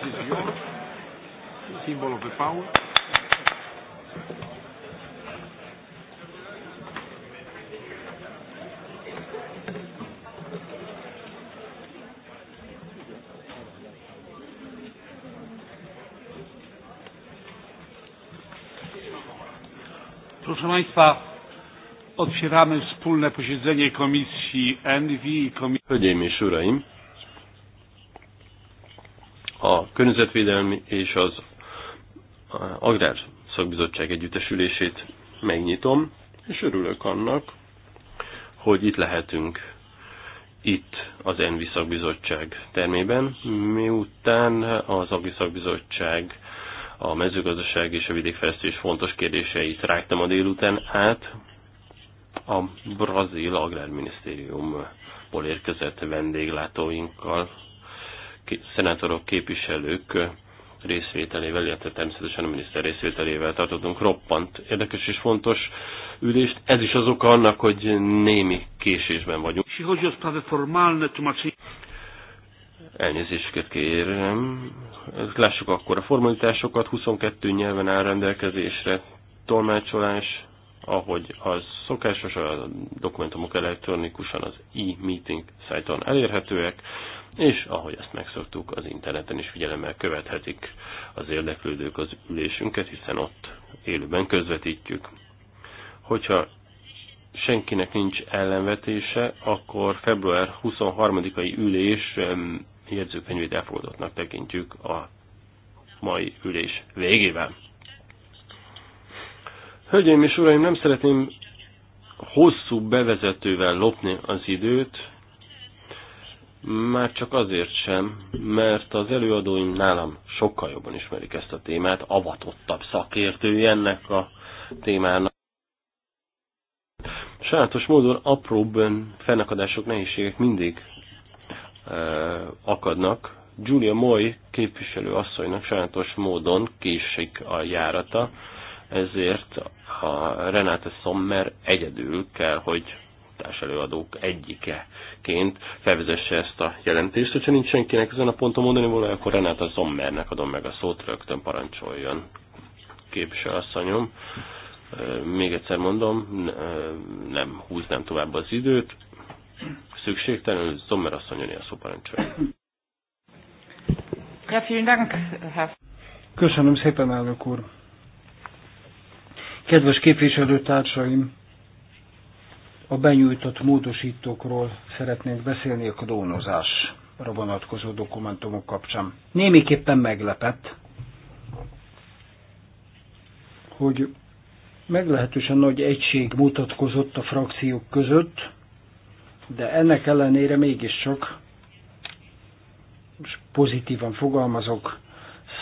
This is your symbol of the power. Proszę Państwa, otwieramy wspólne posiedzenie Komisji Envi i Komisji... Panie i Uraim! Környezetvédelmi és az Agrár Szakbizottság együttesülését megnyitom, és örülök annak, hogy itt lehetünk itt az Envi Szakbizottság termében, miután az Agri Szakbizottság a mezőgazdaság és a vidékfejlesztés fontos kérdéseit rágtam a délután át, a brazil agrárminisztériumból érkezett vendéglátóinkkal szenátorok, képviselők részvételével, illetve természetesen a miniszter részvételével tartottunk roppant érdekes és fontos ülést. Ez is az oka annak, hogy némi késésben vagyunk. Elnézésüket kérem. Lássuk akkor a formalitásokat. 22 nyelven áll rendelkezésre tolmácsolás, ahogy az szokásos, a dokumentumok elektronikusan az e-meeting szájton elérhetőek és ahogy ezt megszoktuk, az interneten is figyelemmel követhetik az érdeklődők az ülésünket, hiszen ott élőben közvetítjük. Hogyha senkinek nincs ellenvetése, akkor február 23-ai ülés jegyzőkönyvét elfogadottnak tekintjük a mai ülés végével. Hölgyeim és uraim, nem szeretném hosszú bevezetővel lopni az időt, már csak azért sem, mert az előadóim nálam sokkal jobban ismerik ezt a témát, avatottabb szakértői ennek a témának. Sajátos módon apróbb fennakadások, nehézségek mindig e, akadnak. Julia Moy képviselő asszonynak sajátos módon késik a járata, ezért a Renate Sommer egyedül kell, hogy előadók egyikeként felvezesse ezt a jelentést. Hogyha nincs senkinek ezen a ponton mondani volna, akkor Renáta Zommernek adom meg a szót, rögtön parancsoljon. Képviselőasszonyom, még egyszer mondom, nem húznám tovább az időt, szükségtelenül Zommer asszonyon a szó parancsoljon. Köszönöm szépen, elnök úr! Kedves képviselőtársaim! a benyújtott módosítókról szeretnénk beszélni a klónozásra vonatkozó dokumentumok kapcsán. Némiképpen meglepett, hogy meglehetősen nagy egység mutatkozott a frakciók között, de ennek ellenére mégiscsak, és pozitívan fogalmazok,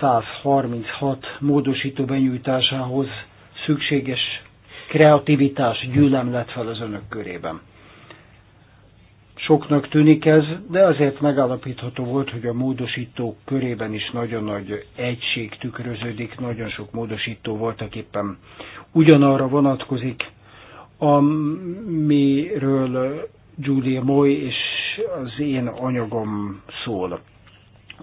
136 módosító benyújtásához szükséges kreativitás gyűlem lett fel az önök körében. Soknak tűnik ez, de azért megállapítható volt, hogy a módosítók körében is nagyon nagy egység tükröződik, nagyon sok módosító voltak éppen ugyanarra vonatkozik, amiről Julia Moy és az én anyagom szól.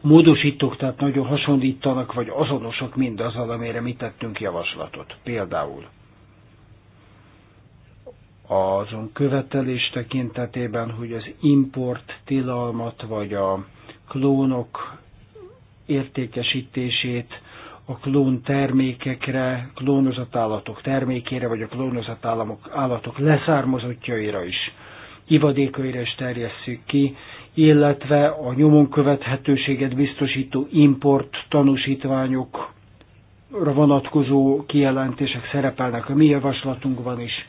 Módosítók tehát nagyon hasonlítanak, vagy azonosak mindazzal, amire mi tettünk javaslatot. Például azon követelés tekintetében, hogy az import tilalmat vagy a klónok értékesítését a klón termékekre, klónozott állatok termékére, vagy a klónozott államok, állatok leszármazottjaira is, ivadékaira is terjesszük ki, illetve a nyomon követhetőséget biztosító import tanúsítványokra vonatkozó kijelentések szerepelnek a mi javaslatunkban is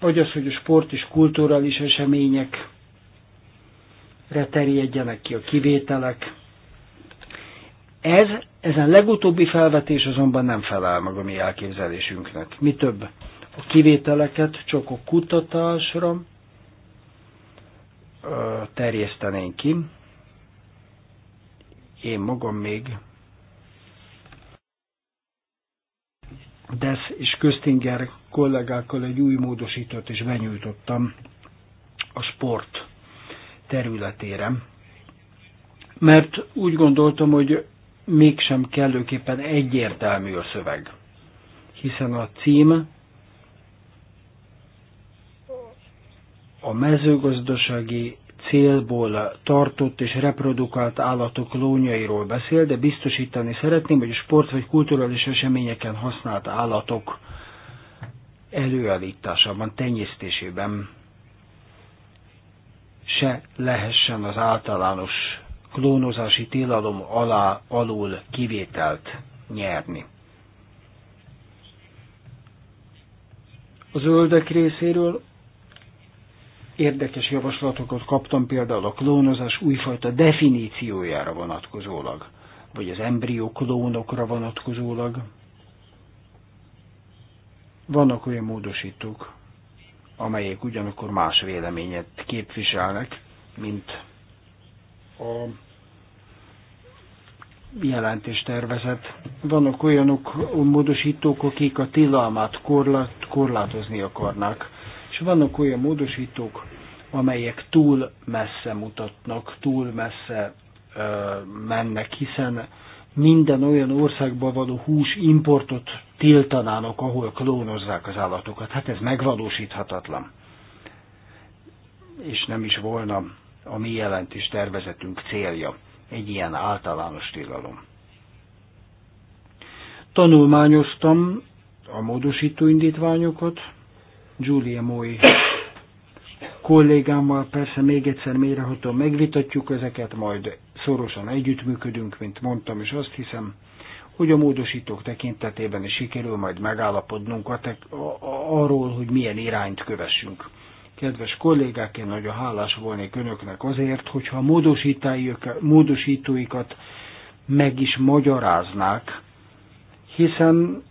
vagy az, hogy a sport és kulturális eseményekre terjedjenek ki a kivételek. Ez, ezen legutóbbi felvetés azonban nem felel meg a mi elképzelésünknek. Mi több, a kivételeket csak a kutatásra terjesztenénk ki. Én magam még Desz és Köztinger kollégákkal egy új módosítót is benyújtottam a sport területére. Mert úgy gondoltam, hogy mégsem kellőképpen egyértelmű a szöveg. Hiszen a cím a mezőgazdasági célból tartott és reprodukált állatok lónyairól beszél, de biztosítani szeretném, hogy a sport vagy kulturális eseményeken használt állatok előállításában, tenyésztésében se lehessen az általános klónozási tilalom alá alul kivételt nyerni. A zöldek részéről Érdekes javaslatokat kaptam például a klónozás újfajta definíciójára vonatkozólag, vagy az embrió klónokra vonatkozólag. Vannak olyan módosítók, amelyek ugyanakkor más véleményet képviselnek, mint a jelentéstervezet. Vannak olyanok módosítók, akik a tilalmát korlát, korlátozni akarnak vannak olyan módosítók, amelyek túl messze mutatnak, túl messze ö, mennek, hiszen minden olyan országba való hús importot tiltanának, ahol klónozzák az állatokat. Hát ez megvalósíthatatlan. És nem is volna a mi jelentés tervezetünk célja egy ilyen általános tilalom. Tanulmányoztam a módosító indítványokat, Giulia Moy kollégámmal persze még egyszer mélyrehatóan megvitatjuk ezeket, majd szorosan együttműködünk, mint mondtam, és azt hiszem, hogy a módosítók tekintetében is sikerül majd megállapodnunk a tek- a- a- arról, hogy milyen irányt kövessünk. Kedves kollégák, én nagyon hálás volnék önöknek azért, hogyha a módosítóikat meg is magyaráznák, hiszen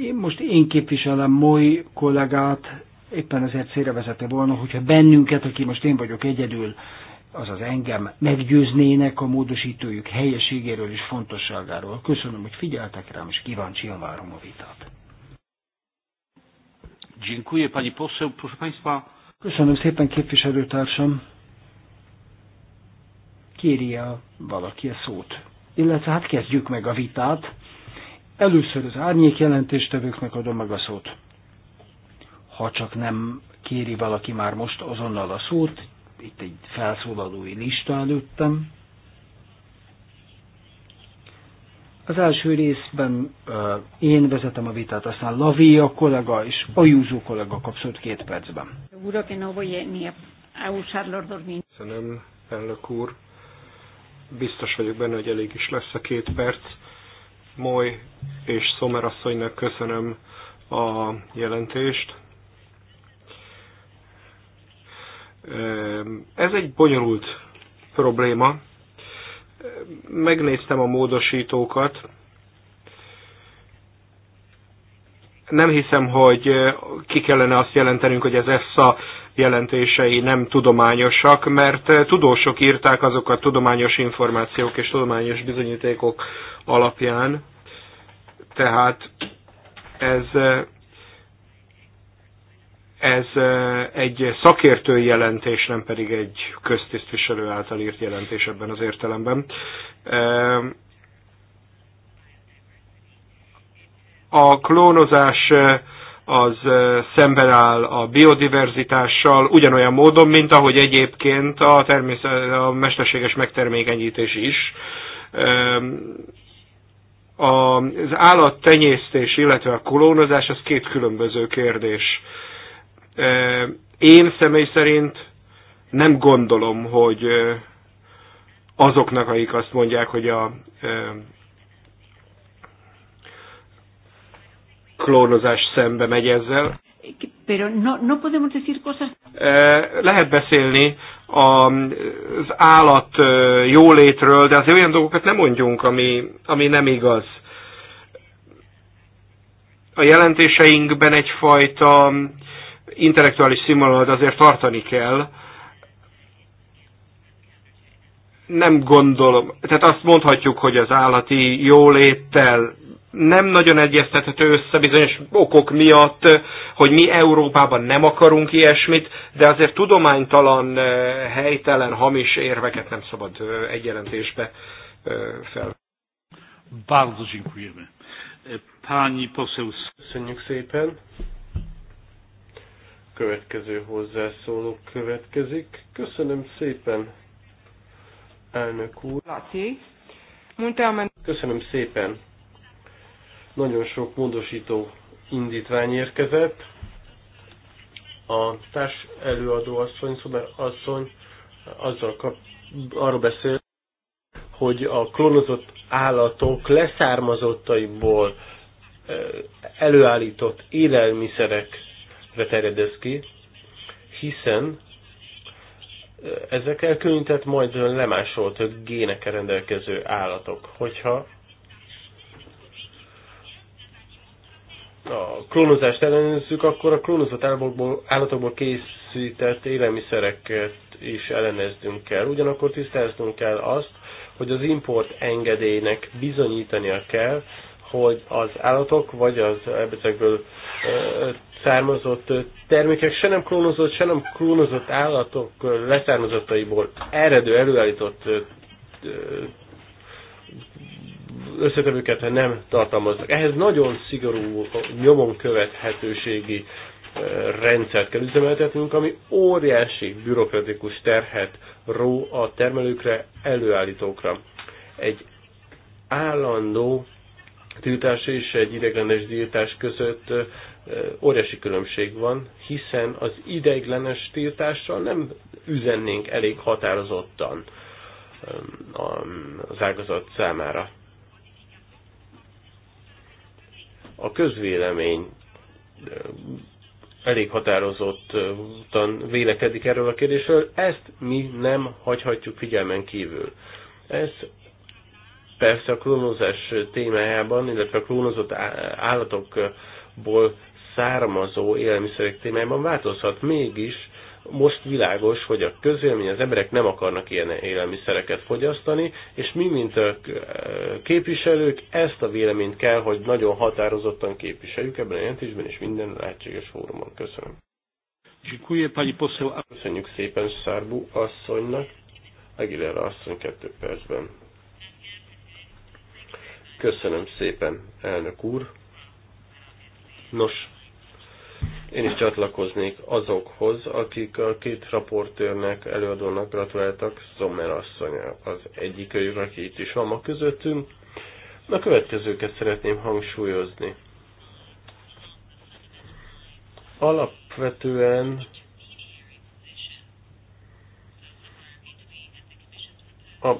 én most én képviselem Moly kollégát, éppen ezért vezette volna, hogyha bennünket, aki most én vagyok egyedül, azaz engem meggyőznének a módosítójuk helyességéről és fontosságáról. Köszönöm, hogy figyeltek rám, és kíváncsian várom a vitát. Dziękuję pani poseł. Proszę państwa. Köszönöm szépen képviselőtársam. Kérje valaki a szót. Illetve hát kezdjük meg a vitát. Először az árnyék jelentéstevőknek adom meg a szót. Ha csak nem kéri valaki már most azonnal a szót, itt egy felszólalói lista előttem. Az első részben uh, én vezetem a vitát, aztán Lavi a kollega és Ajúzó kollega kapszott két percben. Köszönöm, elnök úr. Biztos vagyok benne, hogy elég is lesz a két perc Moly és Szomer asszonynak köszönöm a jelentést. Ez egy bonyolult probléma. Megnéztem a módosítókat. Nem hiszem, hogy ki kellene azt jelentenünk, hogy az EFSA jelentései nem tudományosak, mert tudósok írták azokat tudományos információk és tudományos bizonyítékok alapján. Tehát ez, ez egy szakértői jelentés, nem pedig egy köztisztviselő által írt jelentés ebben az értelemben. A klónozás az szemben áll a biodiverzitással, ugyanolyan módon, mint ahogy egyébként a, természet, a mesterséges megtermékenyítés is. Ehm, az állattenyésztés, illetve a kolónozás, az két különböző kérdés. Én személy szerint nem gondolom, hogy azoknak, akik azt mondják, hogy a klónozás szembe megy ezzel pero no, no podemos decir cosas. Eh, lehet beszélni az állat eh, jólétről, de azért olyan dolgokat nem mondjunk, ami, ami nem igaz. A jelentéseinkben egyfajta intellektuális színvonalat azért tartani kell. Nem gondolom. Tehát azt mondhatjuk, hogy az állati jóléttel nem nagyon egyeztethető össze bizonyos okok miatt, hogy mi Európában nem akarunk ilyesmit, de azért tudománytalan, eh, helytelen, hamis érveket nem szabad eh, egy jelentésbe eh, fel. Bardzo dziękujemy. E, pani poseł... Köszönjük szépen. Következő hozzászóló következik. Köszönöm szépen, elnök úr. Köszönöm szépen nagyon sok módosító indítvány érkezett. A társ előadó asszony, szóval asszony azzal kap, arról beszél, hogy a klónozott állatok leszármazottaiból előállított élelmiszerekre terjedez ki, hiszen ezek elkülönített, majd lemásolt génekkel rendelkező állatok. Hogyha a klónozást ellenőrizzük, akkor a klónozott állatokból, állatokból készített élelmiszereket is elleneznünk kell. Ugyanakkor tisztáznunk kell azt, hogy az import engedélynek bizonyítania kell, hogy az állatok vagy az ebből származott termékek se nem klónozott, se nem klónozott állatok leszármazottaiból eredő előállított összetevőket nem tartalmaznak. Ehhez nagyon szigorú nyomon követhetőségi eh, rendszert kell üzemeltetnünk, ami óriási bürokratikus terhet ró a termelőkre, előállítókra. Egy állandó tiltás és egy ideiglenes tiltás között eh, óriási különbség van, hiszen az ideiglenes tiltással nem üzennénk elég határozottan eh, az ágazat számára. a közvélemény eh, elég határozottan vélekedik erről a kérdésről, ezt mi nem hagyhatjuk figyelmen kívül. Ez persze a klónozás témájában, illetve a klónozott állatokból eh, származó élelmiszerek témájában változhat, mégis most világos, hogy a közélmény, az emberek nem akarnak ilyen élelmiszereket fogyasztani, és mi, mint a képviselők, ezt a véleményt kell, hogy nagyon határozottan képviseljük ebben a jelentésben és minden lehetséges fórumon. Köszönöm. Köszönjük szépen Szárbu asszonynak. Aguilera asszony kettő percben. Köszönöm szépen, elnök úr. Nos, én is csatlakoznék azokhoz, akik a két raportőrnek, előadónak gratuláltak, Sommer asszony az egyik őjük, aki itt is van ma közöttünk. A következőket szeretném hangsúlyozni. Alapvetően a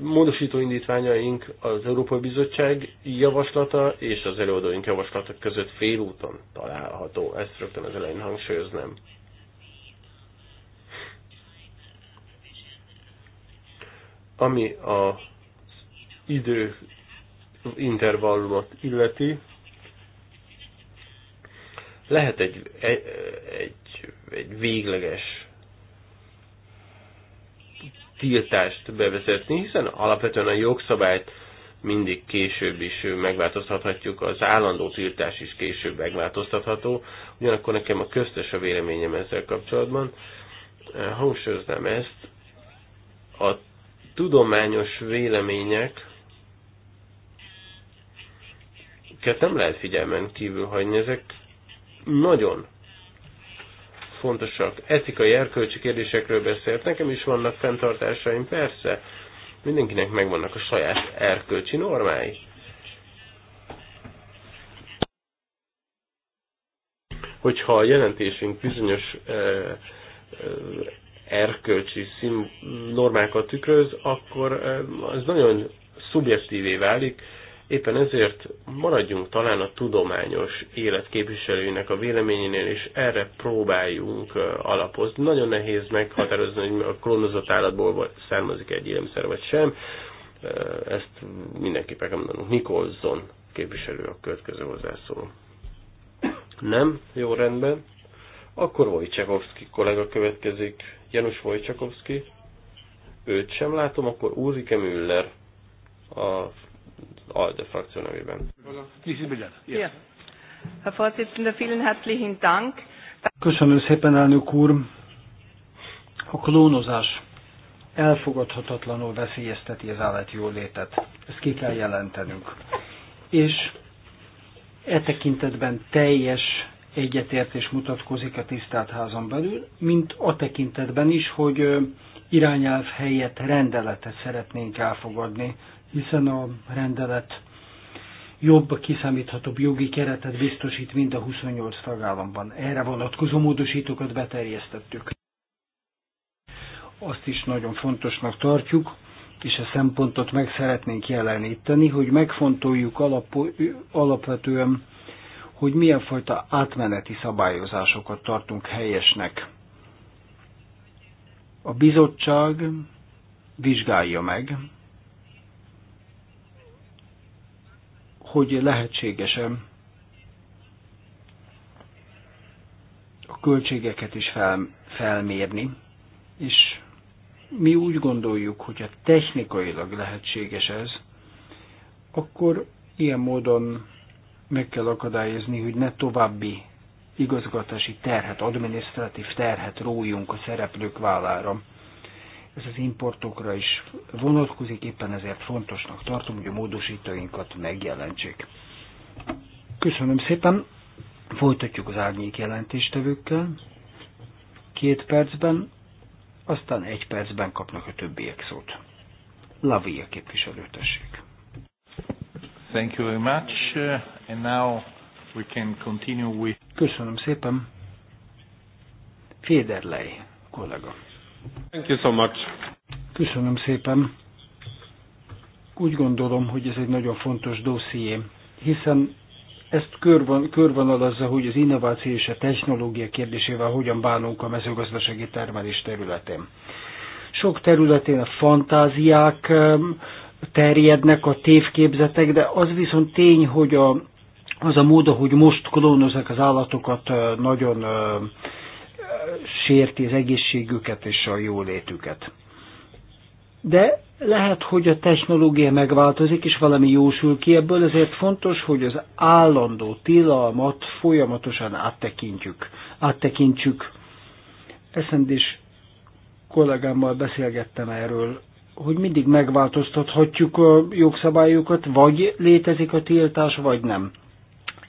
módosító indítványaink az Európai Bizottság javaslata és az előadóink javaslata között félúton található. Ezt rögtön az elején hangsúlyoznám. Ami a idő intervallumot illeti, lehet egy, egy, egy, egy végleges tiltást bevezetni, hiszen alapvetően a jogszabályt mindig később is megváltoztathatjuk, az állandó tiltás is később megváltoztatható, ugyanakkor nekem a köztes a véleményem ezzel kapcsolatban. Hangsúlyoznám ezt, a tudományos vélemények nem lehet figyelmen kívül hagyni, ezek nagyon fontosak. Etikai, erkölcsi kérdésekről beszélt, nekem is vannak fenntartásaim, persze. Mindenkinek megvannak a saját erkölcsi normái. Hogyha a jelentésünk bizonyos erkölcsi szín normákat tükröz, akkor az nagyon szubjektívé válik, Éppen ezért maradjunk talán a tudományos életképviselőinek a véleményénél, és erre próbáljunk alapozni. Nagyon nehéz meghatározni, hogy a klónozott állatból származik egy élelmiszer vagy sem. Ezt mindenképpen kell mondanunk. Nikolzon képviselő a következő hozzászól. Nem? Jó rendben. Akkor Wojciechowski kollega következik. Janusz Wojciechowski. Őt sem látom, akkor Úrike Müller a ALDE frakció nevében. Herr Vorsitzender, vielen herzlichen Dank. Köszönöm szépen, elnök úr. A klónozás elfogadhatatlanul veszélyezteti az állati jólétet. Ezt ki kell jelentenünk. És e tekintetben teljes egyetértés mutatkozik a tisztelt házon belül, mint a tekintetben is, hogy irányelv helyett rendeletet szeretnénk elfogadni hiszen a rendelet jobb, kiszámíthatóbb jogi keretet biztosít mind a 28 tagállamban. Erre vonatkozó módosítókat beterjesztettük. Azt is nagyon fontosnak tartjuk, és a szempontot meg szeretnénk jeleníteni, hogy megfontoljuk alap, alapvetően, hogy milyen fajta átmeneti szabályozásokat tartunk helyesnek. A bizottság vizsgálja meg, hogy lehetségesen a költségeket is fel, felmérni, és mi úgy gondoljuk, hogy a technikailag lehetséges ez, akkor ilyen módon meg kell akadályozni, hogy ne további igazgatási terhet, adminisztratív terhet rójunk a szereplők vállára ez az importokra is vonatkozik, éppen ezért fontosnak tartom, hogy a módosítóinkat megjelentsék. Köszönöm szépen, folytatjuk az árnyék jelentéstevőkkel, két percben, aztán egy percben kapnak a többiek szót. Lavia képviselőtessék. Thank you very much, uh, and now we can continue with... Köszönöm szépen. Féderlej kollega. Thank you so much. Köszönöm szépen. Úgy gondolom, hogy ez egy nagyon fontos dosszié, hiszen ezt körvon, körvonalazza, hogy az innováció és a technológia kérdésével hogyan bánunk a mezőgazdasági termelés területén. Sok területén a fantáziák terjednek, a tévképzetek, de az viszont tény, hogy a, az a mód, ahogy most klónozzák az állatokat, nagyon sérti az egészségüket és a jólétüket. De lehet, hogy a technológia megváltozik, és valami jósül ki ebből, ezért fontos, hogy az állandó tilalmat folyamatosan áttekintjük. áttekintsük. Eszendés kollégámmal beszélgettem erről, hogy mindig megváltoztathatjuk a jogszabályokat, vagy létezik a tiltás, vagy nem.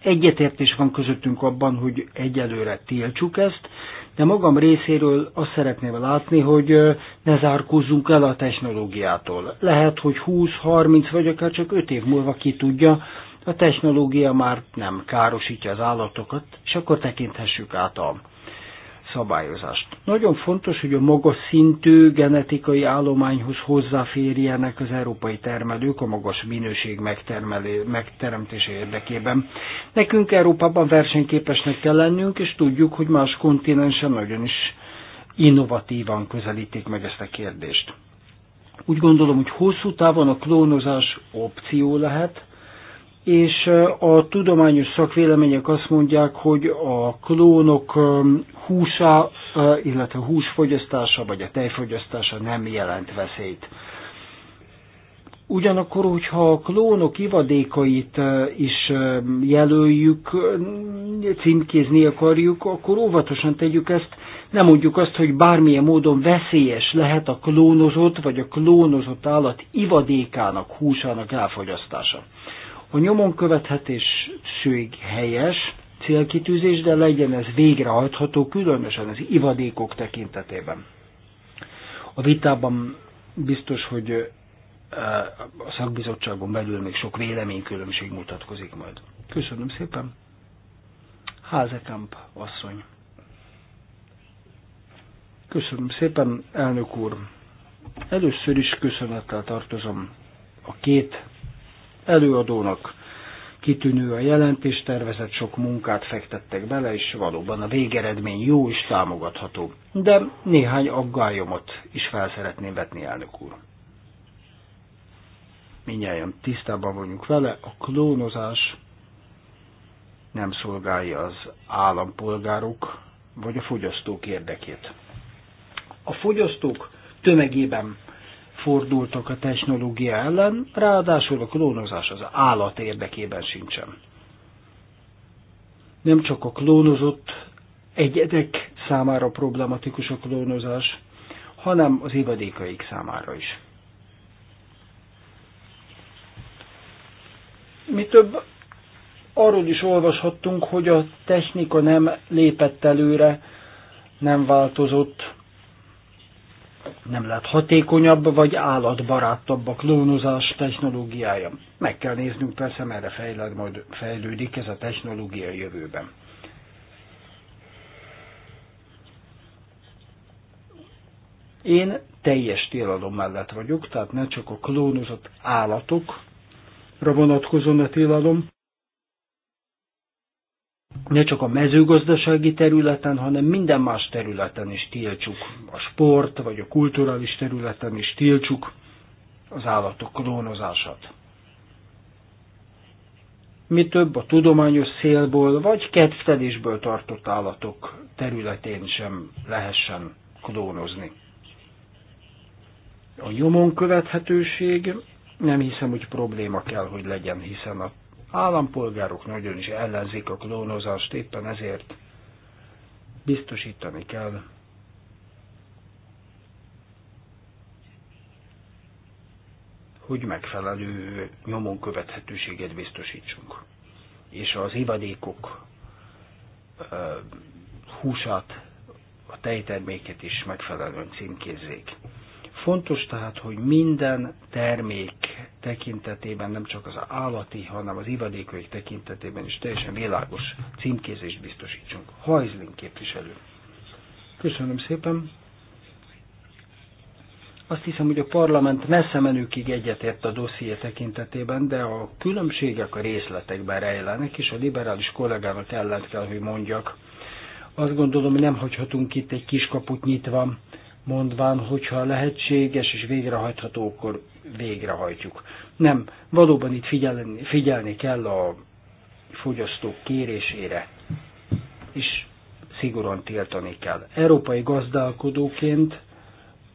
Egyetértés van közöttünk abban, hogy egyelőre tiltsuk ezt, de magam részéről azt szeretném látni, hogy ne zárkózzunk el a technológiától. Lehet, hogy 20, 30 vagy akár csak 5 év múlva ki tudja, a technológia már nem károsítja az állatokat, és akkor tekinthessük át a szabályozást. Nagyon fontos, hogy a magas szintű genetikai állományhoz hozzáférjenek az európai termelők a magas minőség megteremtése érdekében. Nekünk Európában versenyképesnek kell lennünk, és tudjuk, hogy más kontinensen nagyon is innovatívan közelítik meg ezt a kérdést. Úgy gondolom, hogy hosszú távon a klónozás opció lehet, és a tudományos szakvélemények azt mondják, hogy a klónok húsa, illetve húsfogyasztása vagy a tejfogyasztása nem jelent veszélyt. Ugyanakkor, hogyha a klónok ivadékait is jelöljük, címkézni akarjuk, akkor óvatosan tegyük ezt, nem mondjuk azt, hogy bármilyen módon veszélyes lehet a klónozott vagy a klónozott állat ivadékának, húsának elfogyasztása. A nyomon követhetés szűk helyes célkitűzés, de legyen ez végrehajtható, különösen az ivadékok tekintetében. A vitában biztos, hogy a szakbizottságon belül még sok véleménykülönbség mutatkozik majd. Köszönöm szépen. Házekamp asszony. Köszönöm szépen, elnök úr. Először is köszönettel tartozom a két előadónak. Kitűnő a jelentés tervezett sok munkát fektettek bele, és valóban a végeredmény jó és támogatható. De néhány aggályomat is fel szeretném vetni, elnök úr. Mindjárt tisztában vagyunk vele, a klónozás nem szolgálja az állampolgárok vagy a fogyasztók érdekét. A fogyasztók tömegében fordultak a technológia ellen, ráadásul a klónozás az állat érdekében sincsen. Nem csak a klónozott egyedek számára problematikus a klónozás, hanem az ivadékaik számára is. Mi több, arról is olvashattunk, hogy a technika nem lépett előre, nem változott, nem lehet hatékonyabb vagy állatbarátabb a klónozás technológiája. Meg kell néznünk persze, merre fejled, majd fejlődik ez a technológia jövőben. Én teljes tilalom mellett vagyok, tehát ne csak a klónozott állatokra vonatkozon a tilalom, ne csak a mezőgazdasági területen, hanem minden más területen is tiltsuk. A sport vagy a kulturális területen is tiltsuk az állatok klónozását. Mi több a tudományos szélból vagy kedvtelésből tartott állatok területén sem lehessen klónozni. A nyomon követhetőség nem hiszem, hogy probléma kell, hogy legyen, hiszen a állampolgárok nagyon is ellenzik a klónozást, éppen ezért biztosítani kell hogy megfelelő nyomon követhetőséget biztosítsunk. És az ivadékok húsát, a tejterméket is megfelelően címkézzék. Fontos tehát, hogy minden termék tekintetében, nem csak az állati, hanem az ivadékaik tekintetében is teljesen világos címkézést biztosítsunk. Hajzlin képviselő. Köszönöm szépen. Azt hiszem, hogy a parlament messze menőkig egyetért a dosszié tekintetében, de a különbségek a részletekben rejlenek, és a liberális kollégának ellent kell, hogy mondjak. Azt gondolom, hogy nem hagyhatunk itt egy kiskaput nyitva mondván, hogyha lehetséges és végrehajtható, akkor végrehajtjuk. Nem, valóban itt figyelni, figyelni kell a fogyasztók kérésére, és szigorúan tiltani kell. Európai gazdálkodóként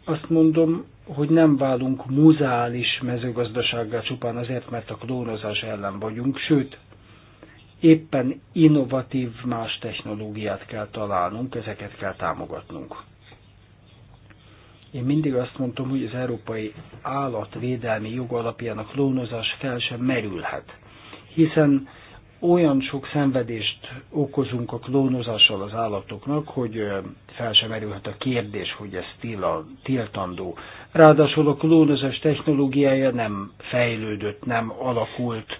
azt mondom, hogy nem válunk muzeális mezőgazdasággal csupán azért, mert a klónozás ellen vagyunk, sőt, éppen innovatív más technológiát kell találnunk, ezeket kell támogatnunk. Én mindig azt mondtam, hogy az európai állatvédelmi jog alapján a klónozás fel sem merülhet, hiszen olyan sok szenvedést okozunk a klónozással az állatoknak, hogy fel sem merülhet a kérdés, hogy ez tiltandó. Ráadásul a klónozás technológiája nem fejlődött, nem alakult,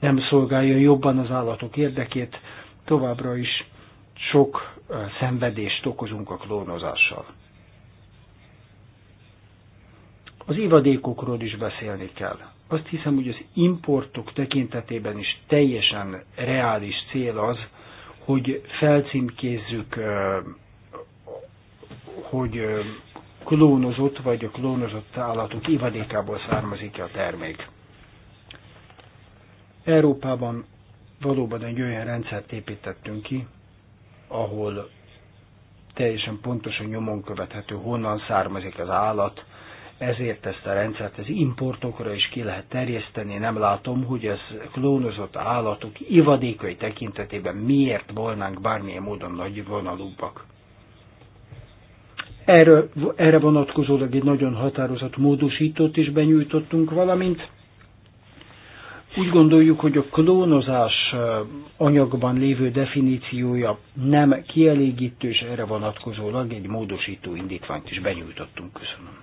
nem szolgálja jobban az állatok érdekét, továbbra is sok szenvedést okozunk a klónozással. Az ivadékokról is beszélni kell. Azt hiszem, hogy az importok tekintetében is teljesen reális cél az, hogy felcímkézzük, hogy klónozott vagy a klónozott állatok ivadékából származik a termék. Európában valóban egy olyan rendszert építettünk ki, ahol teljesen pontosan nyomon követhető, honnan származik az állat, ezért ezt a rendszert az importokra is ki lehet terjeszteni. Nem látom, hogy ez klónozott állatok ivadékai tekintetében miért volnánk bármilyen módon nagy vonalúbbak. Erre, erre vonatkozólag egy nagyon határozott módosítót is benyújtottunk, valamint úgy gondoljuk, hogy a klónozás eh, anyagban lévő definíciója nem kielégítő, és erre vonatkozólag egy módosító indítványt is benyújtottunk. Köszönöm.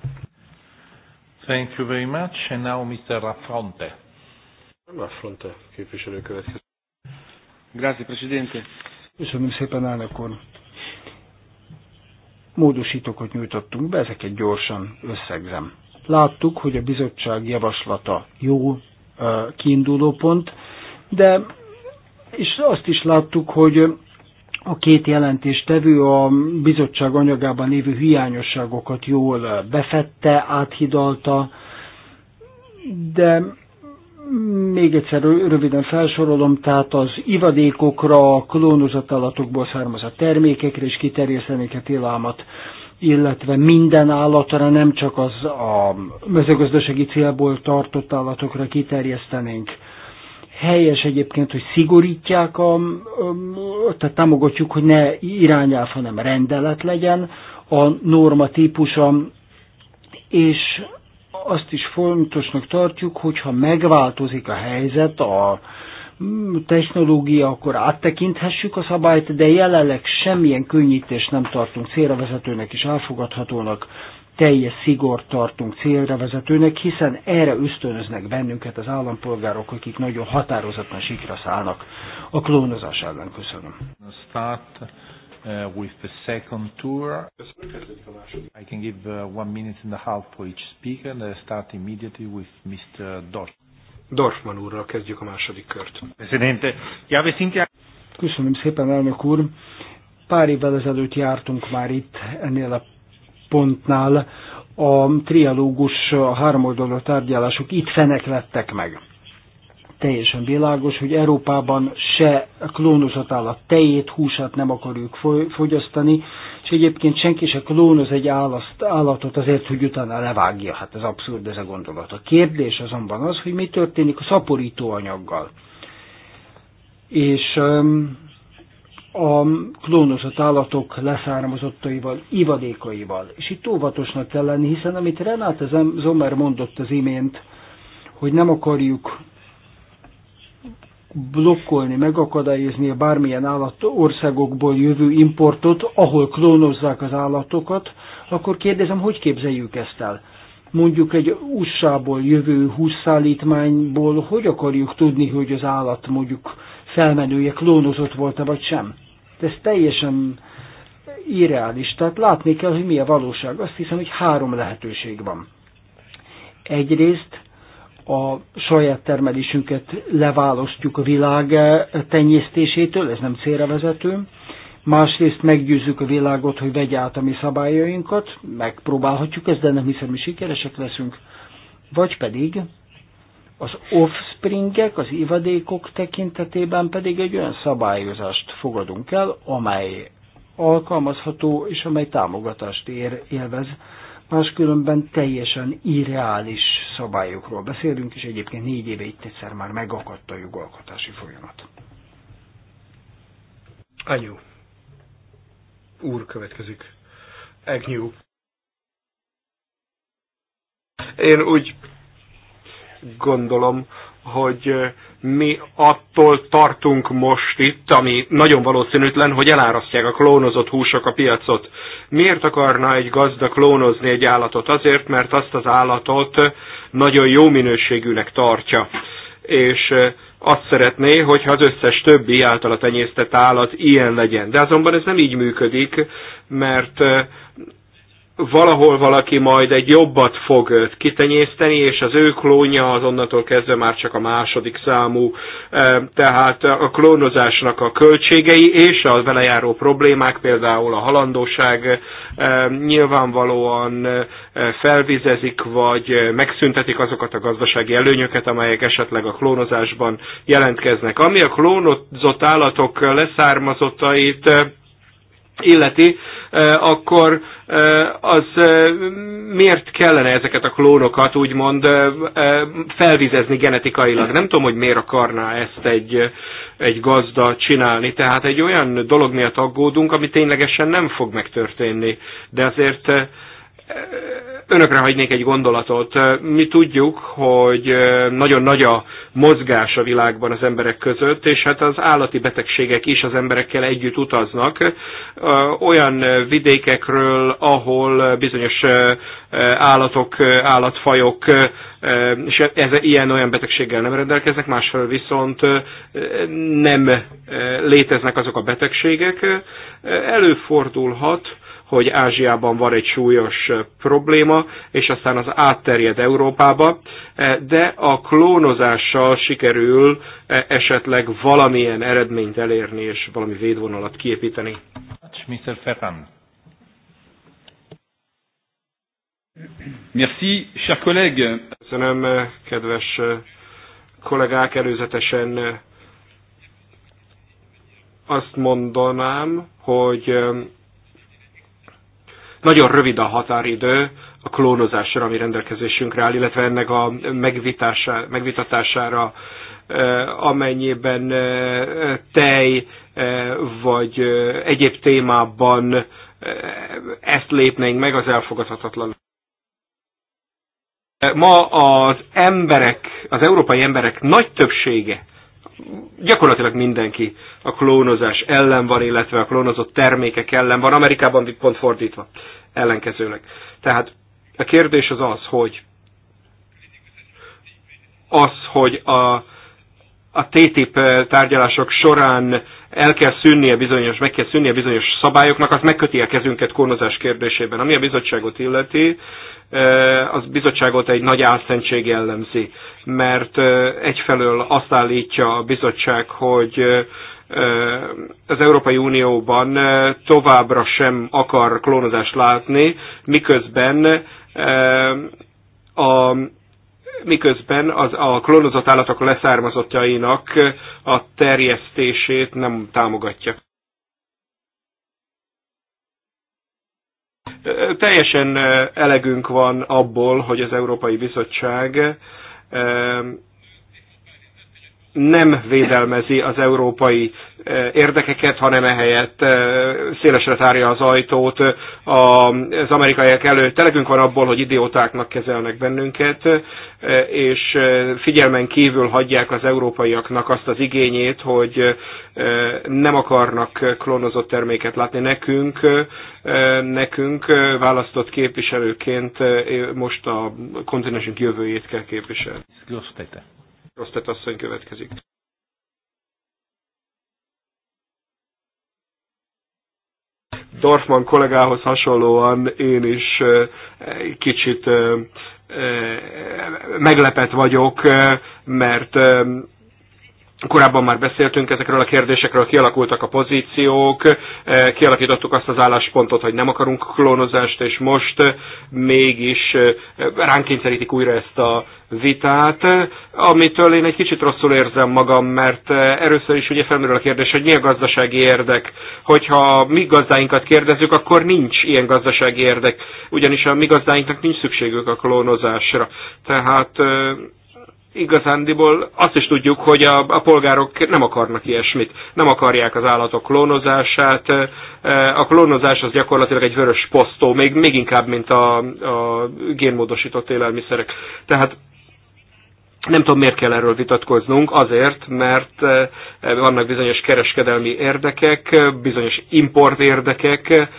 Thank you very much. And now Mr. Raffronte. Raffronte képviselő következő. Grazie, Presidente. Köszönöm szépen, elnök úr. Módosítókat nyújtottunk be, ezeket gyorsan összegzem. Láttuk, hogy a bizottság javaslata jó kiinduló pont, de és azt is láttuk, hogy a két jelentéstevő a bizottság anyagában lévő hiányosságokat jól befette, áthidalta, de még egyszer röviden felsorolom, tehát az ivadékokra, a klónozott állatokból származó termékekre is kiterjesztenék a tilalmat, illetve minden állatra, nem csak az a mezőgazdasági célból tartott állatokra kiterjesztenénk Helyes egyébként, hogy szigorítják, a, tehát támogatjuk, hogy ne irányelv, hanem rendelet legyen a norma típusa, és azt is fontosnak tartjuk, hogyha megváltozik a helyzet, a technológia, akkor áttekinthessük a szabályt, de jelenleg semmilyen könnyítést nem tartunk célravezetőnek és elfogadhatónak teljes szigort tartunk célra vezetőnek, hiszen erre ösztönöznek bennünket az állampolgárok, akik nagyon határozottan sikra szállnak a klónozás ellen. Köszönöm. Start uh, with the second tour. I can give uh, one minute and a half for each speaker and start immediately with Mr. Dorf. Dorfman úrral kezdjük a második kört. Köszönöm szépen, elnök úr. Pár évvel ezelőtt jártunk már itt ennél a pontnál a trialógus, a háromoldalú tárgyalások itt lettek meg. Teljesen világos, hogy Európában se klónozott állat tejét, húsát nem akarjuk fogyasztani, és egyébként senki se klónoz egy állatot azért, hogy utána levágja. Hát ez abszurd ez a gondolat. A kérdés azonban az, hogy mi történik a szaporító anyaggal. És um, a klónozott állatok leszármazottaival, ivadékaival. És itt óvatosnak kell lenni, hiszen amit Renát Zomer mondott az imént, hogy nem akarjuk blokkolni, megakadályozni a bármilyen állat országokból jövő importot, ahol klónozzák az állatokat, akkor kérdezem, hogy képzeljük ezt el? Mondjuk egy USA-ból jövő hússzállítmányból hogy akarjuk tudni, hogy az állat mondjuk felmenője klónozott volt-e vagy sem. De ez teljesen irreális, tehát látni kell, hogy mi a valóság. Azt hiszem, hogy három lehetőség van. Egyrészt a saját termelésünket leválasztjuk a világ tenyésztésétől, ez nem célra vezető. Másrészt meggyőzzük a világot, hogy vegye át a mi szabályainkat, megpróbálhatjuk ezt, de nem hiszem, mi sikeresek leszünk. Vagy pedig az offspringek, az ivadékok tekintetében pedig egy olyan szabályozást fogadunk el, amely alkalmazható és amely támogatást ér, élvez. Máskülönben teljesen irreális szabályokról beszélünk, és egyébként négy éve itt egyszer már megakadt a jogalkotási folyamat. Anyu. Úr következik. Egnyú. Én úgy gondolom, hogy eh, mi attól tartunk most itt, ami nagyon valószínűtlen, hogy elárasztják a klónozott húsok a piacot. Miért akarna egy gazda klónozni egy állatot? Azért, mert azt az állatot nagyon jó minőségűnek tartja. És eh, azt szeretné, hogyha az összes többi általa tenyésztett állat ilyen legyen. De azonban ez nem így működik, mert eh, valahol valaki majd egy jobbat fog kitenyészteni, és az ő klónja az onnantól kezdve már csak a második számú. Tehát a klónozásnak a költségei és az vele járó problémák, például a halandóság nyilvánvalóan felvizezik, vagy megszüntetik azokat a gazdasági előnyöket, amelyek esetleg a klónozásban jelentkeznek. Ami a klónozott állatok leszármazottait illeti, akkor az miért kellene ezeket a klónokat úgymond felvizezni genetikailag? Nem tudom, hogy miért akarná ezt egy, egy gazda csinálni. Tehát egy olyan dolog miatt aggódunk, ami ténylegesen nem fog megtörténni. De azért önökre hagynék egy gondolatot. Mi tudjuk, hogy nagyon nagy a mozgás a világban az emberek között, és hát az állati betegségek is az emberekkel együtt utaznak. Olyan vidékekről, ahol bizonyos állatok, állatfajok és ez, ilyen-olyan betegséggel nem rendelkeznek, másfelől viszont nem léteznek azok a betegségek. Előfordulhat, hogy Ázsiában van egy súlyos probléma, és aztán az átterjed Európába, e, de a klónozással sikerül e, esetleg valamilyen eredményt elérni, és valami védvonalat kiépíteni. Mr. Ferran. Merci, cher collègue. Köszönöm, e, kedves kollégák, előzetesen azt mondanám, hogy nagyon rövid a határidő a klónozásra, ami rendelkezésünkre áll, illetve ennek a megvitása, megvitatására, amennyiben tej vagy egyéb témában ezt lépnénk meg, az elfogadhatatlan. Ma az emberek, az európai emberek nagy többsége gyakorlatilag mindenki a klónozás ellen van, illetve a klónozott termékek ellen van, Amerikában pont fordítva, ellenkezőleg. Tehát a kérdés az az, hogy az, hogy a, a TTIP tárgyalások során el kell szűnnie bizonyos, meg kell szűnnie bizonyos szabályoknak, az megköti a kezünket klónozás kérdésében. Ami a bizottságot illeti, az bizottságot egy nagy álszentség jellemzi, mert egyfelől azt állítja a bizottság, hogy az Európai Unióban továbbra sem akar klónozást látni, miközben a miközben az, a klónozott állatok leszármazottjainak a terjesztését nem támogatja. Teljesen elegünk van abból, hogy az Európai Bizottság nem védelmezi az európai eh, érdekeket, hanem ehelyett eh, szélesre tárja az ajtót eh, az amerikaiak előtt. Telegünk van abból, hogy idiótáknak kezelnek bennünket, és figyelmen kívül hagyják az európaiaknak azt az igényét, hogy nem akarnak klónozott terméket látni. Nekünk, nekünk választott képviselőként most a kontinensünk jövőjét kell képviselni. Rosztet asszony következik. Dorfman kollégához hasonlóan én is kicsit meglepet vagyok, mert Korábban már beszéltünk ezekről a kérdésekről, kialakultak a pozíciók, eh, kialakítottuk azt az álláspontot, hogy nem akarunk klónozást, és most eh, mégis eh, ránk kényszerítik újra ezt a vitát, amitől én egy kicsit rosszul érzem magam, mert erőször is ugye felmerül a kérdés, hogy mi a gazdasági érdek. Hogyha mi gazdáinkat kérdezzük, akkor nincs ilyen gazdasági érdek, ugyanis a mi gazdáinknak nincs szükségük a klónozásra. Tehát igazándiból azt is tudjuk, hogy a, a polgárok nem akarnak ilyesmit. Nem akarják az állatok klónozását. A klónozás az gyakorlatilag egy vörös posztó, még, még inkább, mint a, a génmódosított élelmiszerek. Tehát nem tudom, miért kell erről vitatkoznunk, azért, mert vannak bizonyos kereskedelmi érdekek, bizonyos import érdekek,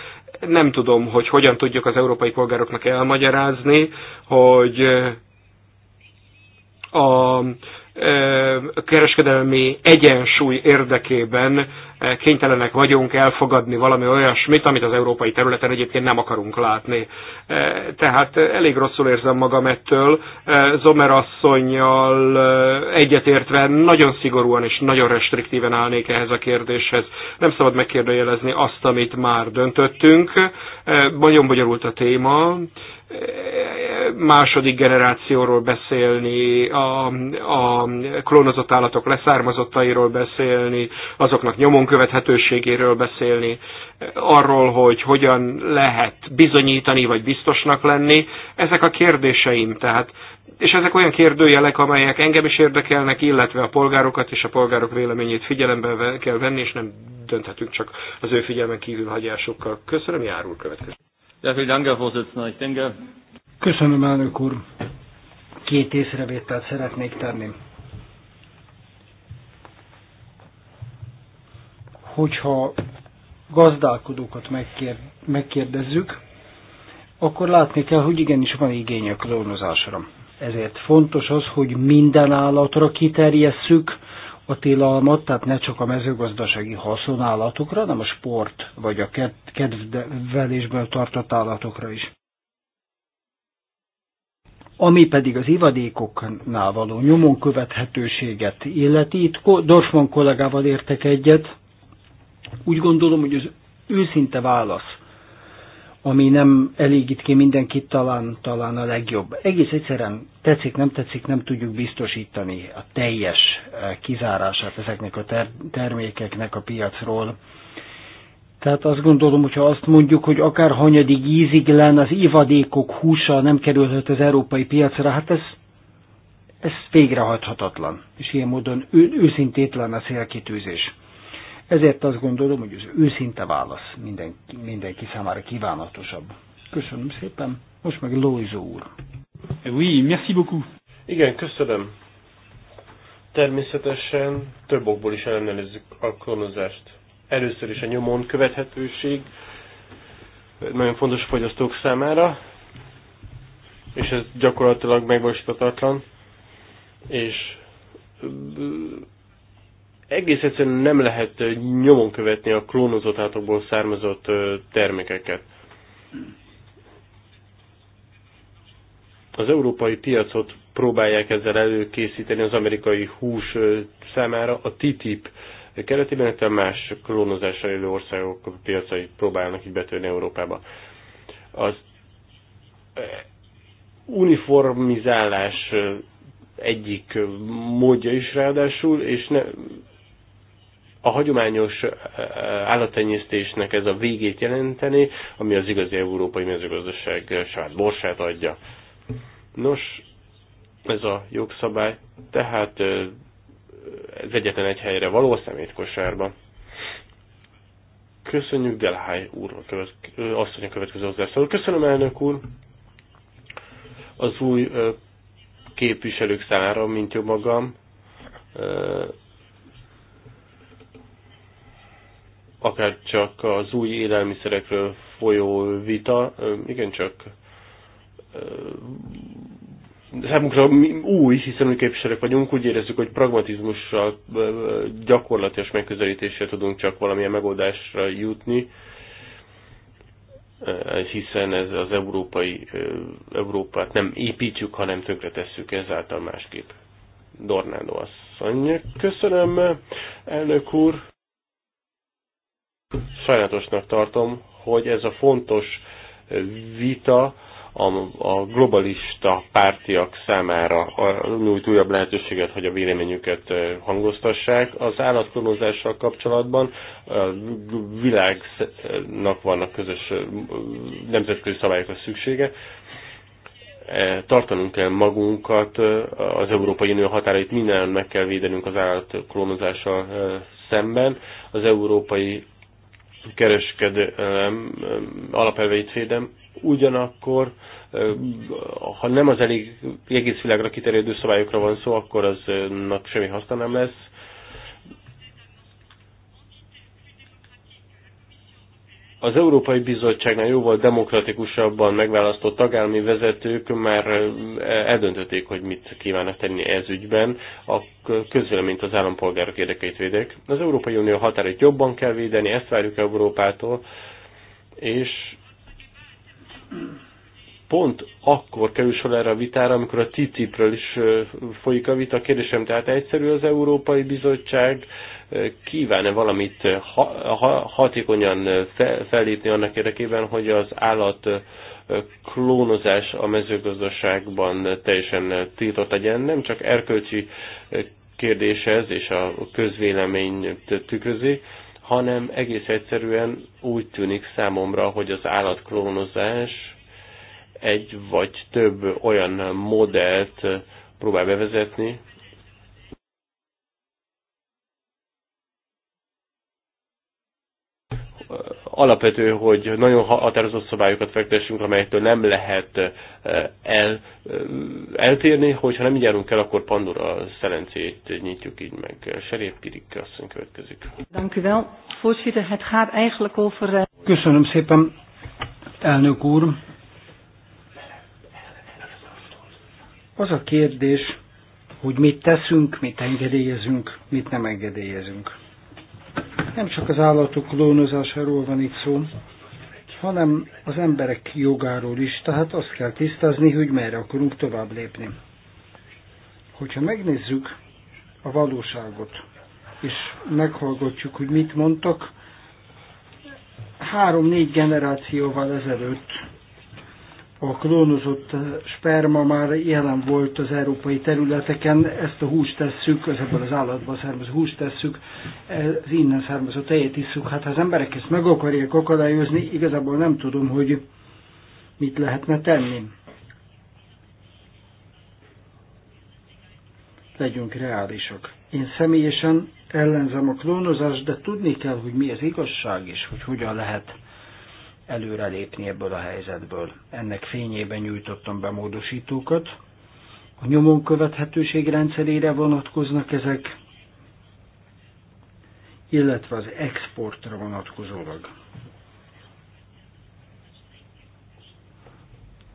nem tudom, hogy hogyan tudjuk az európai polgároknak elmagyarázni, hogy a kereskedelmi egyensúly érdekében kénytelenek vagyunk elfogadni valami olyasmit, amit az európai területen egyébként nem akarunk látni. Tehát elég rosszul érzem magam ettől. Zomer asszonynal egyetértve nagyon szigorúan és nagyon restriktíven állnék ehhez a kérdéshez. Nem szabad megkérdőjelezni azt, amit már döntöttünk. Nagyon bonyolult a téma második generációról beszélni, a, a klónozott állatok leszármazottairól beszélni, azoknak nyomon követhetőségéről beszélni, arról, hogy hogyan lehet bizonyítani vagy biztosnak lenni. Ezek a kérdéseim, tehát és ezek olyan kérdőjelek, amelyek engem is érdekelnek, illetve a polgárokat és a polgárok véleményét figyelembe kell venni, és nem dönthetünk csak az ő figyelmen kívül hagyásokkal. Köszönöm, járul következő. Ja, vielen Dank, Herr Vorsitzender. Ich denke... Köszönöm, elnök úr. Két észrevételt szeretnék tenni. Hogyha gazdálkodókat megkér, megkérdezzük, akkor látni kell, hogy igenis van igény a klónozásra. Ezért fontos az, hogy minden állatra kiterjesszük a tilalmat, tehát ne csak a mezőgazdasági haszonállatokra, hanem a sport vagy a kedvelésből tartott állatokra is. Ami pedig az ivadékoknál való nyomon követhetőséget illeti, itt Dorfman kollégával értek egyet, úgy gondolom, hogy az őszinte válasz ami nem elégít ki mindenkit, talán, talán a legjobb. Egész egyszerűen tetszik, nem tetszik, nem tudjuk biztosítani a teljes eh, kizárását ezeknek a ter- termékeknek a piacról. Tehát azt gondolom, hogyha azt mondjuk, hogy akár hanyadig len az ivadékok húsa nem kerülhet az európai piacra, hát ez, ez végrehajthatatlan. És ilyen módon ő, őszintétlen a célkitűzés. Ezért azt gondolom, hogy az őszinte válasz minden, mindenki számára kívánatosabb. Köszönöm szépen. Most meg Lóizó úr. Oui, merci beaucoup. Igen, köszönöm. Természetesen több okból is ellenőrizzük a klónozást. Először is a nyomon követhetőség nagyon fontos a fogyasztók számára, és ez gyakorlatilag megvalósítatatlan, és egész egyszerűen nem lehet nyomon követni a klónozott állatokból származott termékeket. Az európai piacot próbálják ezzel előkészíteni az amerikai hús számára a TTIP keretében, illetve más klónozásra élő országok piacai próbálnak így betörni Európába. Az uniformizálás egyik módja is ráadásul, és ne, a hagyományos eh, állattenyésztésnek ez a végét jelenteni, ami az igazi európai mezőgazdaság saját borsát adja. Nos, ez a jogszabály, tehát eh, ez egyetlen egy helyre való a szemétkosárba. Köszönjük Delhály úr, a következő, asszony a következő hozzászól. Köszönöm elnök úr! Az új képviselők számára, mint jó magam, akár csak az új élelmiszerekről folyó vita, igencsak számunkra új, hiszen új képviselők vagyunk, úgy érezzük, hogy pragmatizmussal, gyakorlatilag megközelítéssel tudunk csak valamilyen megoldásra jutni, hiszen ez az európai Európát nem építjük, hanem tönkretesszük ezáltal másképp. Dornádó asszony, köszönöm, elnök úr! Sajnálatosnak tartom, hogy ez a fontos vita a, a globalista pártiak számára nyújt újabb lehetőséget, hogy a véleményüket hangoztassák. Az állatklónozással kapcsolatban a világnak vannak közös nemzetközi szabályokra szüksége. E, tartanunk kell magunkat, az Európai Unió határait minden meg kell védenünk az állatklónozással szemben. Az Európai kereskedelem alapelveit védem, ugyanakkor ha nem az elég egész világra kiterjedő szabályokra van szó, akkor aznak semmi haszna nem lesz. Az Európai Bizottságnál jóval demokratikusabban megválasztott tagállami vezetők már eldöntötték, hogy mit kívánnak tenni ez ügyben. A közvéleményt az állampolgárok érdekeit védek. Az Európai Unió határait jobban kell védeni, ezt várjuk Európától, és pont akkor kerül sor erre a vitára, amikor a TTIP-ről is folyik a vita. Kérdésem tehát egyszerű az Európai Bizottság, kíván-e valamit eh, hatékonyan eh, fellépni annak érdekében, hogy az állat eh, klónozás a mezőgazdaságban teljesen tiltott legyen, nem csak erkölcsi kérdéshez és a közvélemény tükrözi, hanem egész egyszerűen úgy tűnik számomra, hogy az állatklónozás egy vagy több olyan modellt próbál bevezetni, alapvető, hogy nagyon határozott szabályokat fektessünk, amelyektől nem lehet eh, el, eh, eltérni, hogyha nem így járunk el, akkor Pandora szerencét nyitjuk így meg. Serép Pirik asszony következik. Eh, Köszönöm szépen, elnök úr. Az a kérdés, hogy mit teszünk, mit engedélyezünk, mit nem engedélyezünk. Nem csak az állatok klónozásáról van itt szó, hanem az emberek jogáról is, tehát azt kell tisztázni, hogy merre akarunk tovább lépni. Hogyha megnézzük a valóságot, és meghallgatjuk, hogy mit mondtak, három-négy generációval ezelőtt a klónozott eh, sperma már jelen volt az európai területeken, ezt a húst tesszük, az ebből az állatból származó húst tesszük, az innen származó tejet isszuk. Hát ha az emberek ezt meg akarják akadályozni, igazából nem tudom, hogy mit lehetne tenni. Legyünk reálisak. Én személyesen ellenzem a klónozást, de tudni kell, hogy mi az igazság, és hogy hogyan lehet előrelépni ebből a helyzetből. Ennek fényében nyújtottam be módosítókat. A nyomon követhetőség rendszerére vonatkoznak ezek, illetve az exportra vonatkozólag.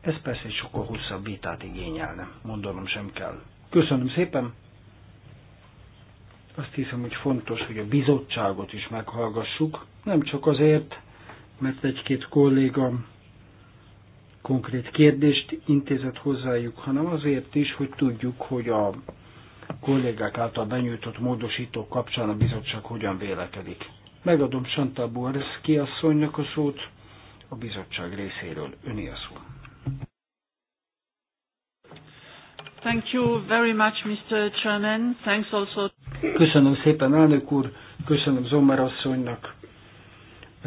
Ez persze egy sokkal hosszabb vitát igényelne, mondanom sem kell. Köszönöm szépen! Azt hiszem, hogy fontos, hogy a bizottságot is meghallgassuk, nem csak azért, mert egy-két kolléga konkrét kérdést intézett hozzájuk, hanem azért is, hogy tudjuk, hogy a kollégák által benyújtott módosítók kapcsán a bizottság hogyan vélekedik. Megadom Santa Borszki asszonynak a szót a bizottság részéről. Öné a szó. Thank you very much, Mr. Chairman. Thanks also. Köszönöm szépen, elnök úr. Köszönöm Zomer asszonynak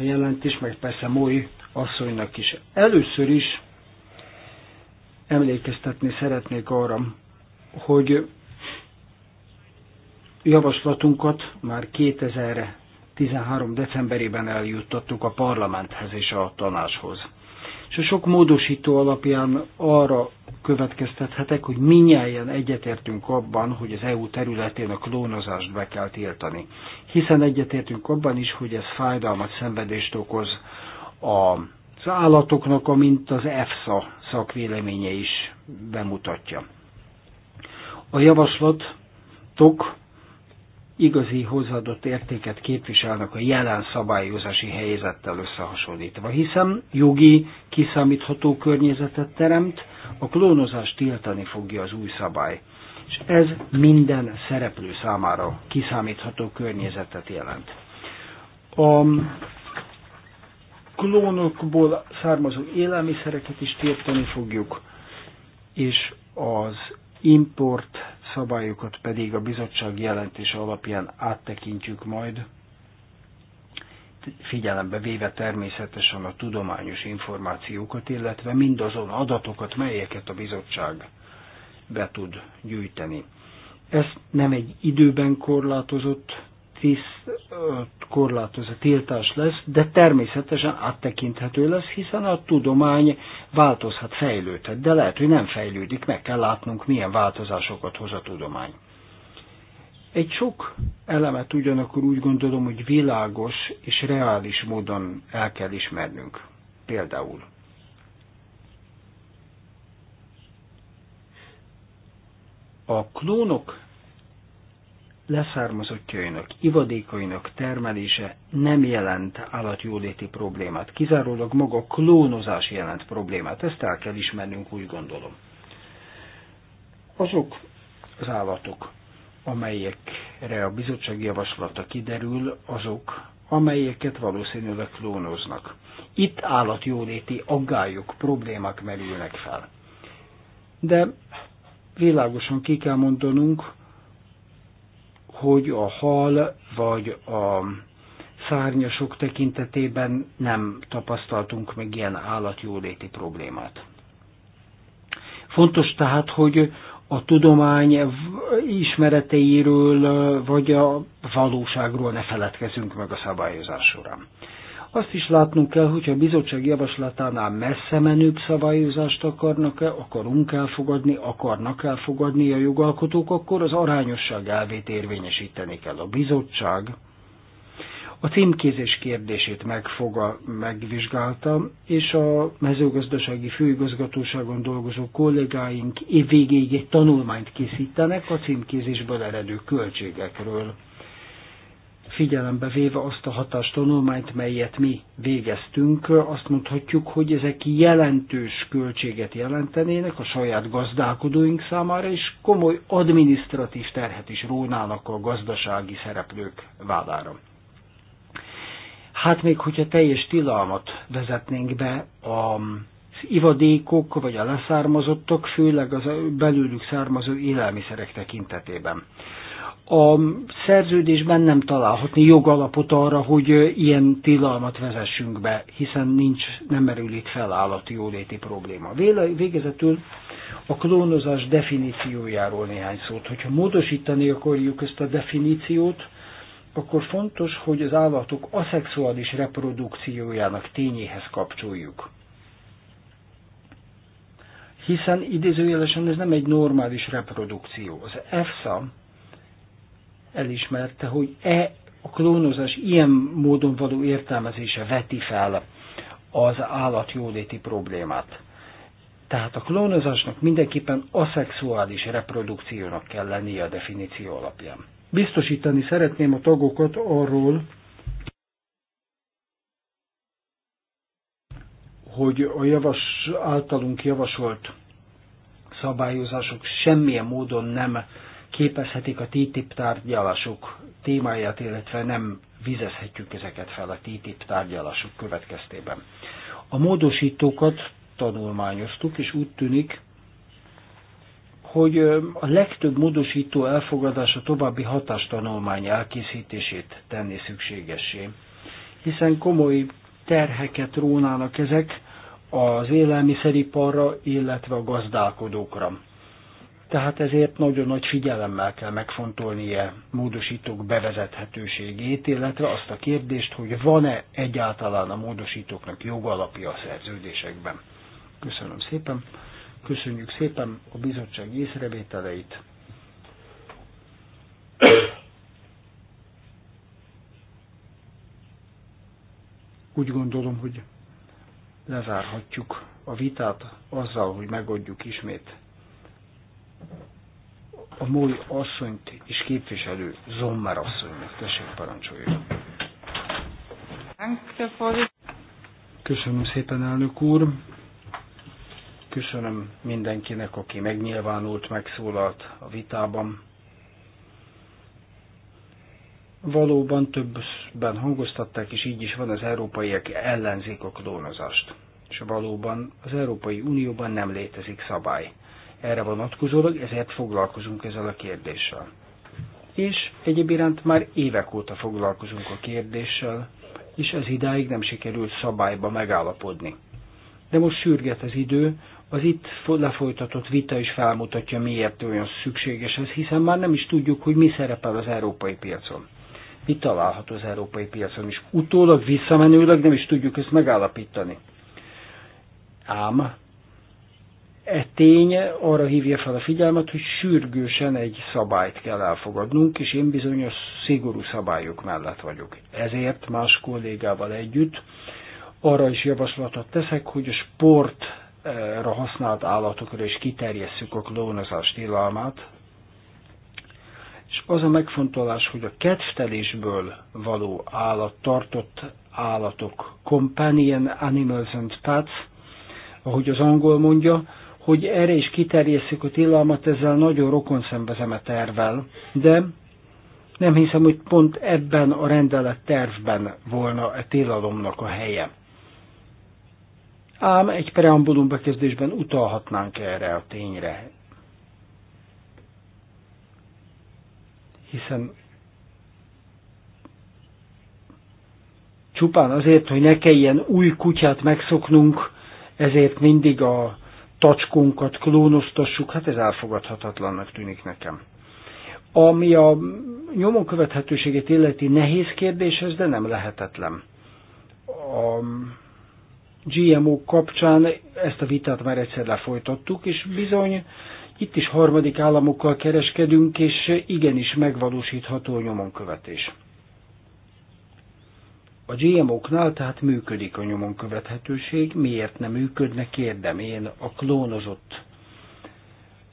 a jelentés, meg persze Mói asszonynak is. Először is emlékeztetni szeretnék arra, hogy javaslatunkat már 2013. decemberében eljuttattuk a parlamenthez és a tanácshoz és a sok módosító alapján arra következtethetek, hogy minnyáján egyetértünk abban, hogy az EU területén a klónozást be kell tiltani. Hiszen egyetértünk abban is, hogy ez fájdalmat, szenvedést okoz az állatoknak, amint az EFSA szakvéleménye is bemutatja. A javaslatok igazi hozzáadott értéket képviselnek a jelen szabályozási helyzettel összehasonlítva, hiszen jogi, kiszámítható környezetet teremt, a klónozást tiltani fogja az új szabály. És ez minden szereplő számára kiszámítható környezetet jelent. A klónokból származó élelmiszereket is tiltani fogjuk, és az import szabályokat pedig a bizottság jelentése alapján áttekintjük majd, figyelembe véve természetesen a tudományos információkat, illetve mindazon adatokat, melyeket a bizottság be tud gyűjteni. Ez nem egy időben korlátozott tiszt, korlátozó tiltás lesz, de természetesen áttekinthető lesz, hiszen a tudomány változhat, fejlődhet, de lehet, hogy nem fejlődik, meg kell látnunk, milyen változásokat hoz a tudomány. Egy sok elemet ugyanakkor úgy gondolom, hogy világos és reális módon el kell ismernünk. Például a klónok leszármazottjainak, ivadékainak termelése nem jelent állatjóléti problémát. Kizárólag maga klónozás jelent problémát. Ezt el kell ismernünk, úgy gondolom. Azok az állatok, amelyekre a bizottság javaslata kiderül, azok, amelyeket valószínűleg klónoznak. Itt állatjóléti aggályok, problémák merülnek fel. De világosan ki kell mondanunk, hogy a hal vagy a szárnyasok tekintetében nem tapasztaltunk meg ilyen állatjóléti problémát. Fontos tehát, hogy a tudomány ismereteiről vagy a valóságról ne feledkezünk meg a szabályozás során. Azt is látnunk kell, hogyha a bizottság javaslatánál messze menőbb szabályozást akarnak-e, akarunk elfogadni, akarnak elfogadni a jogalkotók, akkor az arányosság elvét érvényesíteni kell. A bizottság a címkézés kérdését megfoga, megvizsgálta, és a mezőgazdasági főigazgatóságon dolgozó kollégáink évvégéig egy tanulmányt készítenek a címkézésből eredő költségekről figyelembe véve azt a hatástanulmányt, melyet mi végeztünk, azt mondhatjuk, hogy ezek jelentős költséget jelentenének a saját gazdálkodóink számára, és komoly adminisztratív terhet is rónának a gazdasági szereplők vállára. Hát még hogyha teljes tilalmat vezetnénk be a ivadékok vagy a leszármazottak, főleg az belőlük származó élelmiszerek tekintetében a szerződésben nem találhatni jogalapot arra, hogy ilyen tilalmat vezessünk be, hiszen nincs, nem merül itt fel állati jóléti probléma. Végezetül a klónozás definíciójáról néhány szót. Hogyha módosítani akarjuk ezt a definíciót, akkor fontos, hogy az állatok aszexuális reprodukciójának tényéhez kapcsoljuk. Hiszen idézőjelesen ez nem egy normális reprodukció. Az EFSA elismerte, hogy e a klónozás ilyen módon való értelmezése veti fel az állatjóléti problémát. Tehát a klónozásnak mindenképpen aszexuális reprodukciónak kell lennie a definíció alapján. Biztosítani szeretném a tagokat arról, hogy a javas, általunk javasolt szabályozások semmilyen módon nem képezhetik a TTIP tárgyalások témáját, illetve nem vizezhetjük ezeket fel a TTIP tárgyalások következtében. A módosítókat tanulmányoztuk, és úgy tűnik, hogy a legtöbb módosító elfogadása további hatástanulmány elkészítését tenni szükségessé, hiszen komoly terheket rónának ezek az élelmiszeriparra, illetve a gazdálkodókra tehát ezért nagyon nagy figyelemmel kell megfontolnia módosítók bevezethetőségét, illetve azt a kérdést, hogy van-e egyáltalán a módosítóknak jogalapja a szerződésekben. Köszönöm szépen. Köszönjük szépen a bizottság észrevételeit. Úgy gondolom, hogy lezárhatjuk a vitát azzal, hogy megadjuk ismét a múj asszonyt is képviselő Zommer asszonynak. Tessék, parancsolja. Köszönöm szépen, elnök úr. Köszönöm mindenkinek, aki megnyilvánult, megszólalt a vitában. Valóban többben hangoztatták, és így is van, az európaiak ellenzik a klónozást. És valóban az Európai Unióban nem létezik szabály erre vonatkozólag, ezért foglalkozunk ezzel a kérdéssel. És egyéb iránt már évek óta foglalkozunk a kérdéssel, és ez idáig nem sikerült szabályba megállapodni. De most sürget az idő, az itt lefolytatott vita is felmutatja, miért olyan szükséges ez, hiszen már nem is tudjuk, hogy mi szerepel az európai piacon. Mi található az európai piacon is. Utólag, visszamenőleg nem is tudjuk ezt megállapítani. Ám e tény arra hívja fel a figyelmet, hogy sürgősen egy szabályt kell elfogadnunk, és én bizonyos szigorú szabályok mellett vagyok. Ezért más kollégával együtt arra is javaslatot teszek, hogy a sportra használt állatokra is kiterjesszük a klónozás tilalmát, és az a megfontolás, hogy a kedvtelésből való állat, tartott állatok, companion animals and pets, ahogy az angol mondja, hogy erre is kiterjesszük a tilalmat, ezzel nagyon rokon szembezem a tervvel, de nem hiszem, hogy pont ebben a rendelet tervben volna a tilalomnak a helye. Ám egy preambulum bekezdésben utalhatnánk erre a tényre. Hiszen csupán azért, hogy ne kelljen új kutyát megszoknunk, ezért mindig a tacskunkat klónoztassuk, hát ez elfogadhatatlannak tűnik nekem. Ami a nyomon követhetőséget illeti nehéz kérdés, ez de nem lehetetlen. A GMO kapcsán ezt a vitát már egyszer lefolytattuk, és bizony itt is harmadik államokkal kereskedünk, és igenis megvalósítható a nyomonkövetés. A GMO-knál tehát működik a nyomon követhetőség, miért nem működne, kérdem én, a klónozott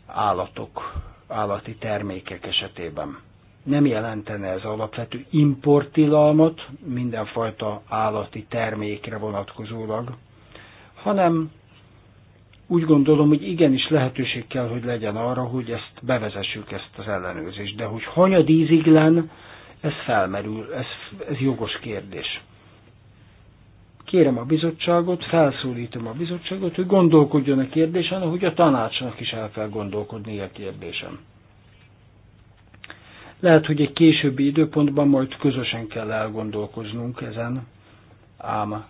állatok, állati termékek esetében. Nem jelentene ez alapvető importilalmat mindenfajta állati termékre vonatkozólag, hanem úgy gondolom, hogy igenis lehetőség kell, hogy legyen arra, hogy ezt bevezessük, ezt az ellenőrzést. De hogy hanyadíziglen ez felmerül, ez, ez jogos kérdés. Kérem a bizottságot, felszólítom a bizottságot, hogy gondolkodjon a kérdésen, ahogy a tanácsnak is el kell gondolkodni a kérdésen. Lehet, hogy egy későbbi időpontban majd közösen kell elgondolkoznunk ezen, ám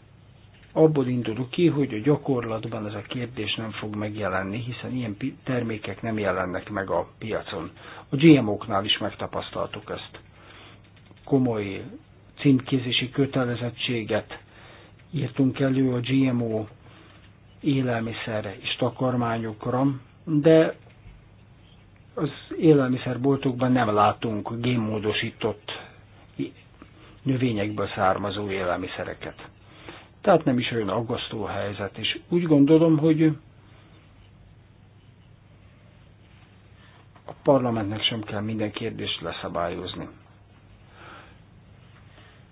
abból indulok ki, hogy a gyakorlatban ez a kérdés nem fog megjelenni, hiszen ilyen termékek nem jelennek meg a piacon. A GMO-knál is megtapasztaltuk ezt komoly címkézési kötelezettséget írtunk elő a GMO élelmiszerre és takarmányokra, de az élelmiszerboltokban nem látunk génmódosított növényekből származó élelmiszereket. Tehát nem is olyan aggasztó a helyzet, és úgy gondolom, hogy a parlamentnek sem kell minden kérdést leszabályozni.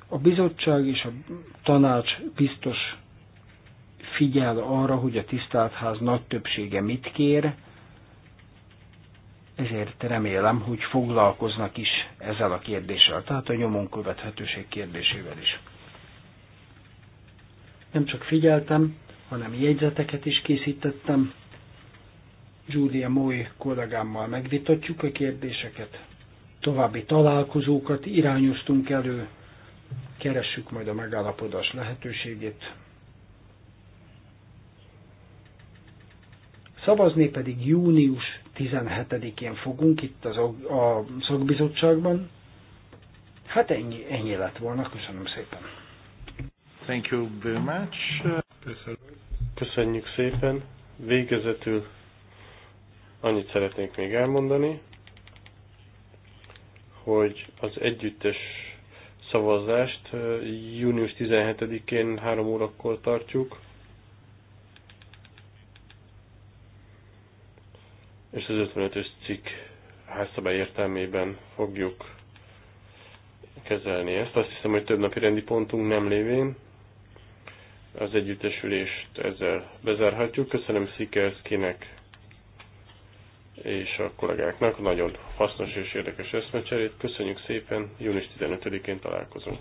A bizottság és a tanács biztos figyel arra, hogy a tiszteltház nagy többsége mit kér, ezért remélem, hogy foglalkoznak is ezzel a kérdéssel, tehát a nyomon követhetőség kérdésével is. Nem csak figyeltem, hanem jegyzeteket is készítettem. Julia Moy kollégámmal megvitatjuk a kérdéseket, további találkozókat irányoztunk elő, keressük majd a megállapodás lehetőségét. Szavazni pedig június 17-én fogunk itt az, a szakbizottságban. Hát ennyi, ennyi lett volna, köszönöm szépen. Thank you very much. Köszönjük szépen. Végezetül annyit szeretnék még elmondani, hogy az együttes szavazást június 17-én 3 órakor tartjuk. És az 55-ös cikk házszabály értelmében fogjuk kezelni ezt. Azt hiszem, hogy több napi rendi pontunk nem lévén az együttesülést ezzel bezárhatjuk. Köszönöm Szikerszkinek és a kollégáknak nagyon hasznos és érdekes eszmecserét. Köszönjük szépen, június 15-én találkozunk.